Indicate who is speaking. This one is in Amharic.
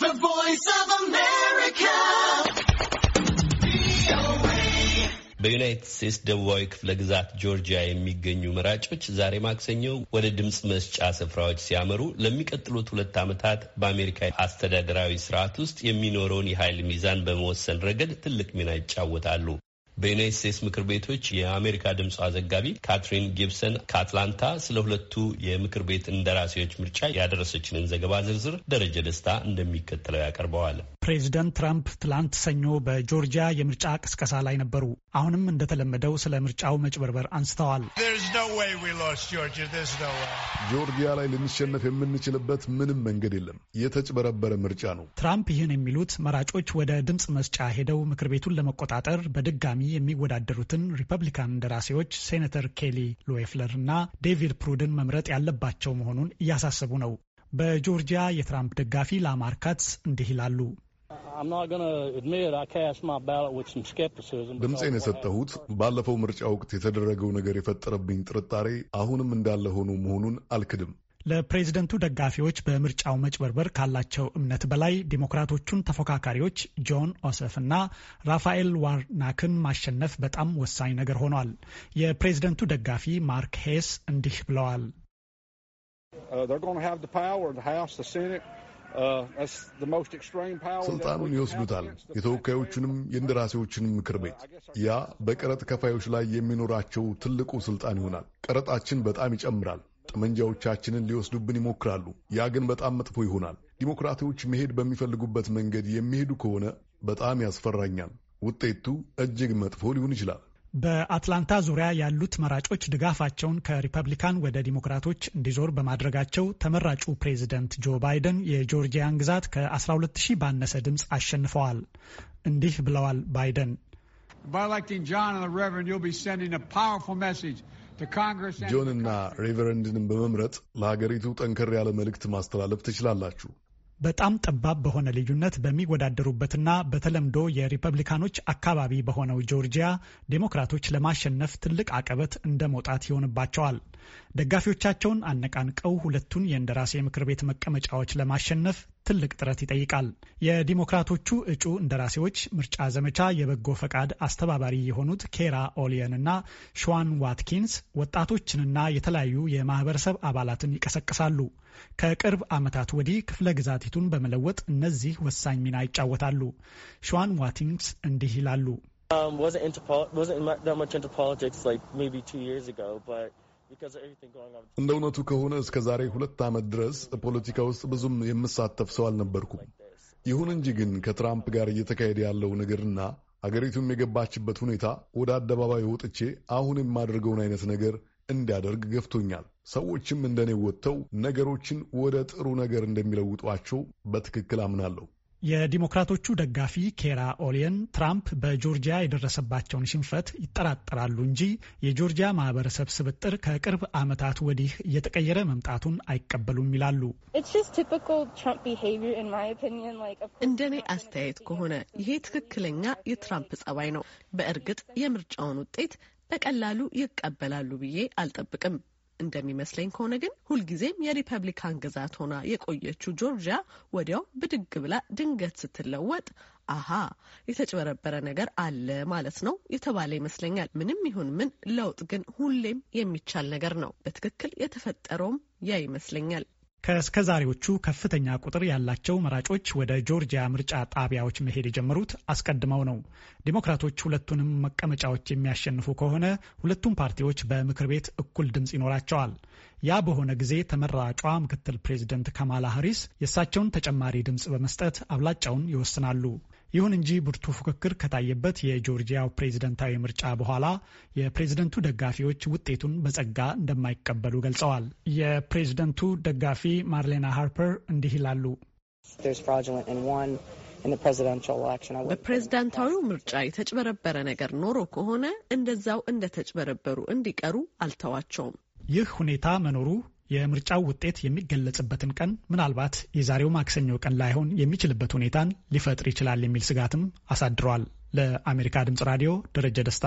Speaker 1: The Voice of America.
Speaker 2: በዩናይትድ ስቴትስ ደቡባዊ ክፍለ ግዛት ጆርጂያ የሚገኙ መራጮች ዛሬ ማክሰኞ ወደ ድምፅ መስጫ ስፍራዎች ሲያመሩ ለሚቀጥሉት ሁለት ዓመታት በአሜሪካ አስተዳደራዊ ስርዓት ውስጥ የሚኖረውን የኃይል ሚዛን በመወሰን ረገድ ትልቅ ሚና ይጫወታሉ። በዩናይት ስቴትስ ምክር ቤቶች የአሜሪካ ድምፅ ዘጋቢ ካትሪን ጊብሰን ከአትላንታ ስለ ሁለቱ የምክር ቤት እንደራሴዎች ምርጫ ያደረሰችንን ዘገባ ዝርዝር ደረጀ ደስታ እንደሚከተለው ያቀርበዋል። ፕሬዚደንት ትራምፕ ትላንት ሰኞ በጆርጂያ የምርጫ ቅስቀሳ ላይ ነበሩ። አሁንም እንደተለመደው ስለ ምርጫው መጭበርበር አንስተዋል።
Speaker 3: ጆርጂያ ላይ ልንሸነፍ የምንችልበት ምንም መንገድ የለም። የተጭበረበረ ምርጫ ነው።
Speaker 2: ትራምፕ ይህን የሚሉት መራጮች ወደ ድምፅ መስጫ ሄደው ምክር ቤቱን ለመቆጣጠር በድጋሚ የሚወዳደሩትን ሪፐብሊካን እንደራሴዎች ሴኔተር ኬሊ ሎዌፍለር እና ዴቪድ ፕሩድን መምረጥ ያለባቸው መሆኑን እያሳሰቡ ነው። በጆርጂያ የትራምፕ ደጋፊ ላማርካትስ እንዲህ ይላሉ። ድምፄን የሰጠሁት
Speaker 3: ባለፈው ምርጫ ወቅት የተደረገው ነገር የፈጠረብኝ ጥርጣሬ አሁንም እንዳለ ሆኖ መሆኑን አልክድም።
Speaker 2: ለፕሬዝደንቱ ደጋፊዎች በምርጫው መጭበርበር ካላቸው እምነት በላይ ዴሞክራቶቹን ተፎካካሪዎች ጆን ኦሰፍ እና ራፋኤል ዋርናክን ማሸነፍ በጣም ወሳኝ ነገር ሆኗል። የፕሬዝደንቱ ደጋፊ ማርክ ሄስ እንዲህ
Speaker 3: ብለዋል። uh, Uh, ስልጣኑን ይወስዱታል። የተወካዮቹንም የእንደራሴዎችንም ምክር ቤት። uh, ያ በቀረጥ ከፋዮች ላይ የሚኖራቸው ትልቁ ስልጣን ይሆናል። ቀረጣችን በጣም ይጨምራል። ጠመንጃዎቻችንን ሊወስዱብን ይሞክራሉ። ያ ግን በጣም መጥፎ ይሆናል። ዲሞክራቲዎች መሄድ በሚፈልጉበት መንገድ የሚሄዱ ከሆነ በጣም ያስፈራኛል። ውጤቱ እጅግ መጥፎ ሊሆን ይችላል።
Speaker 2: በአትላንታ ዙሪያ ያሉት መራጮች ድጋፋቸውን ከሪፐብሊካን ወደ ዲሞክራቶች እንዲዞር በማድረጋቸው ተመራጩ ፕሬዚደንት ጆ ባይደን የጆርጂያን ግዛት ከ12000 ባነሰ ድምፅ አሸንፈዋል። እንዲህ ብለዋል ባይደን
Speaker 3: ጆንና ሬቨረንድንም በመምረጥ ለሀገሪቱ ጠንከር ያለ መልእክት ማስተላለፍ ትችላላችሁ። በጣም
Speaker 2: ጠባብ በሆነ ልዩነት በሚወዳደሩበትና በተለምዶ የሪፐብሊካኖች አካባቢ በሆነው ጆርጂያ ዴሞክራቶች ለማሸነፍ ትልቅ አቀበት እንደ መውጣት ይሆንባቸዋል። ደጋፊዎቻቸውን አነቃንቀው ሁለቱን የእንደራሴ ምክር ቤት መቀመጫዎች ለማሸነፍ ትልቅ ጥረት ይጠይቃል። የዲሞክራቶቹ እጩ እንደራሴዎች ምርጫ ዘመቻ የበጎ ፈቃድ አስተባባሪ የሆኑት ኬራ ኦሊየን እና ሸዋን ዋትኪንስ ወጣቶችንና የተለያዩ የማህበረሰብ አባላትን ይቀሰቅሳሉ። ከቅርብ ዓመታት ወዲህ ክፍለ ግዛቲቱን በመለወጥ እነዚህ ወሳኝ ሚና ይጫወታሉ። ሸዋን ዋቲንግስ እንዲህ ይላሉ።
Speaker 3: እንደ እውነቱ ከሆነ እስከ ዛሬ ሁለት ዓመት ድረስ ፖለቲካ ውስጥ ብዙም የምሳተፍ ሰው አልነበርኩም። ይሁን እንጂ ግን ከትራምፕ ጋር እየተካሄደ ያለው ነገርና አገሪቱም የገባችበት ሁኔታ ወደ አደባባይ ወጥቼ አሁን የማደርገውን አይነት ነገር እንዲያደርግ ገፍቶኛል። ሰዎችም እንደኔ ወጥተው ነገሮችን ወደ ጥሩ ነገር እንደሚለውጧቸው በትክክል አምናለሁ።
Speaker 2: የዲሞክራቶቹ ደጋፊ ኬራ ኦሊየን ትራምፕ በጆርጂያ የደረሰባቸውን ሽንፈት ይጠራጠራሉ እንጂ የጆርጂያ ማህበረሰብ ስብጥር ከቅርብ ዓመታት ወዲህ እየተቀየረ መምጣቱን አይቀበሉም ይላሉ።
Speaker 1: እንደኔ አስተያየት ከሆነ ይሄ ትክክለኛ የትራምፕ ጸባይ ነው። በእርግጥ የምርጫውን ውጤት በቀላሉ ይቀበላሉ ብዬ አልጠብቅም። እንደሚመስለኝ ከሆነ ግን ሁልጊዜም የሪፐብሊካን ግዛት ሆና የቆየችው ጆርጂያ ወዲያው ብድግ ብላ ድንገት ስትለወጥ አሃ የተጭበረበረ ነገር አለ ማለት ነው የተባለ ይመስለኛል። ምንም ይሁን ምን ለውጥ ግን ሁሌም የሚቻል ነገር ነው። በትክክል የተፈጠረውም ያ ይመስለኛል።
Speaker 2: ከእስከ ዛሬዎቹ ከፍተኛ ቁጥር ያላቸው መራጮች ወደ ጆርጂያ ምርጫ ጣቢያዎች መሄድ የጀመሩት አስቀድመው ነው። ዲሞክራቶች ሁለቱንም መቀመጫዎች የሚያሸንፉ ከሆነ ሁለቱም ፓርቲዎች በምክር ቤት እኩል ድምፅ ይኖራቸዋል። ያ በሆነ ጊዜ ተመራጯ ምክትል ፕሬዚደንት ካማላ ሀሪስ የእሳቸውን ተጨማሪ ድምፅ በመስጠት አብላጫውን ይወስናሉ። ይሁን እንጂ ብርቱ ፉክክር ከታየበት የጆርጂያው ፕሬዝደንታዊ ምርጫ በኋላ የፕሬዝደንቱ ደጋፊዎች ውጤቱን በጸጋ እንደማይቀበሉ ገልጸዋል። የፕሬዝደንቱ ደጋፊ ማርሌና ሃርፐር እንዲህ ይላሉ።
Speaker 1: በፕሬዝዳንታዊው ምርጫ የተጭበረበረ ነገር ኖሮ ከሆነ እንደዛው እንደተጭበረበሩ እንዲቀሩ አልተዋቸውም። ይህ ሁኔታ
Speaker 2: መኖሩ የምርጫው ውጤት የሚገለጽበትን ቀን ምናልባት የዛሬው ማክሰኞ ቀን ላይሆን የሚችልበት ሁኔታን ሊፈጥር ይችላል የሚል ስጋትም አሳድሯል። ለአሜሪካ ድምፅ ራዲዮ ደረጀ ደስታ